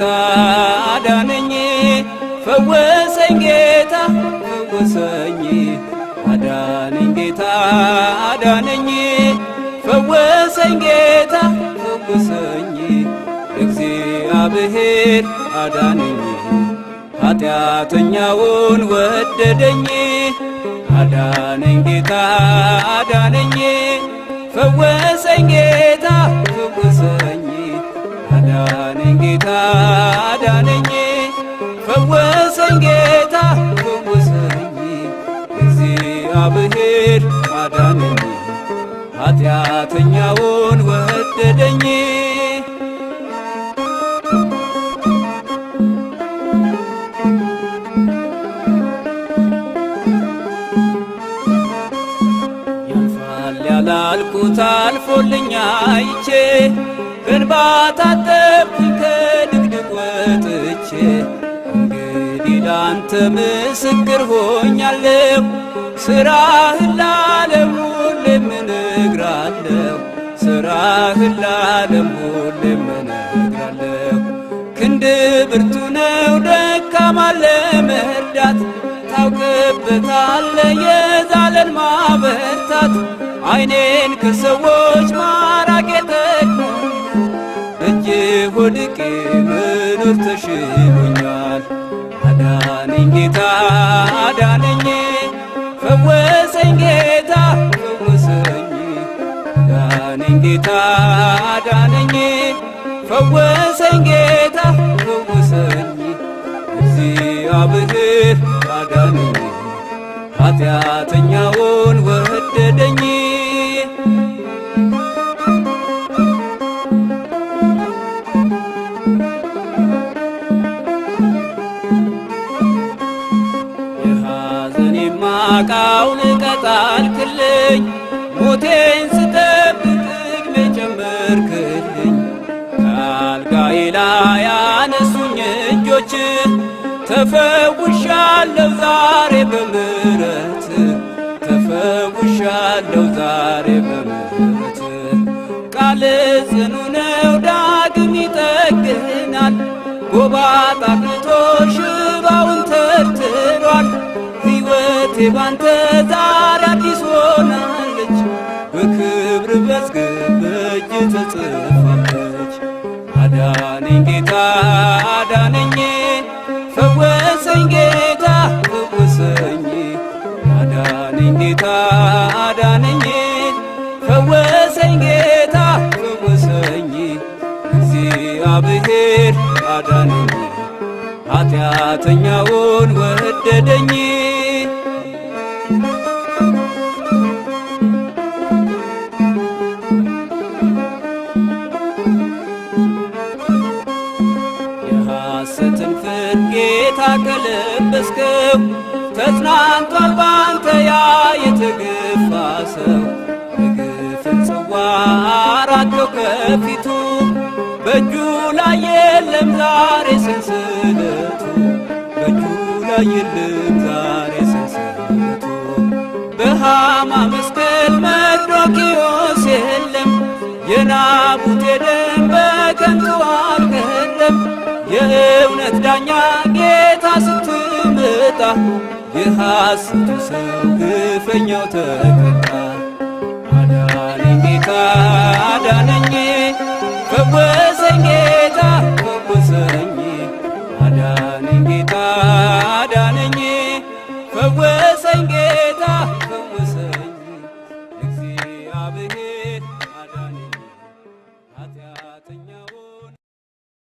አንተ አዳነኝ ፈወሰኝ ጌታ ፈወሰኝ አዳነኝ ጌታ አዳነኝ ፈወሰኝ ጌታ ፈወሰኝ እግዚአብሔር አዳነኝ ኃጢአተኛውን ወደደኝ አዳነኝ ጌታ አዳነኝ ፈወሰኝ ፈወሰኝ ጌታ ፈወሰኝ እግዚአብሔር አዳነኝ ኃጢአተኛውን ወደደኝ ያልፋል ያላልኩት አልፎልኛ አይቼ እንባ ታጠብኩኝ ላንተ ምስክር ሆኛለሁ፣ ስራህን ላለም ሁሌም እነግራለሁ፣ ስራህን ላለም ሁሌም እነግራለሁ። ክንድ ብርቱ ነው ደካማ ለመርዳት ታውቅበታለ የዛለን ማበርታት አይኔን ከሰዎች አዳነኝ ፈወሰኝ ጌታ ፈወሰኝ ዳነኝ ጌታ አዳነኝ ፈወሰኝ ጌታ ፈወሰኝ እግዚአብሔር አዳነኝ ኃጢአተኛውን ወደደኝ ሳቃውን ቀጣልክልኝ ሞቴን ስተብቅ መጨመርክልኝ ከአልጋዬ ላይ ያነሱኝ እጆች ተፈውሻለሁ ዛሬ በምረት ተፈውሻለሁ ዛሬ በምረት ቃል ጽኑ ነው ዳግም ይጠግናል ጎባጣ ቅቶሽ ሕይወቴ ባንተ ዛሬ አዲስ ሆናለች በክብር መዝገብ በእጅ ተጽፋለች። አዳነኝ ጌታ አዳነኝ፣ ፈወሰኝ ጌታ ፈወሰኝ። አዳነኝ ጌታ አዳነኝ፣ ፈወሰኝ ጌታ ፈወሰኝ። እግዚአብሔር አዳነኝ ኃጢአተኛውን ወደደኝ ከለበስከው ተጽናንቷል ባንተ ያ የተገፋ ሰው የግፍን ጽዋ አራቀው ከፊቱ በእጁ ላይ የለም ዛሬ ሰንሰለቱ በእጁ ላይ የለም ዛሬ ሰንሰለቱ በሃማ መስቀል ተቆጣ፣ የሐሰቱ ሰው ግፈኛው ተቀጣ። አዳነኝ ጌታ አዳነኝ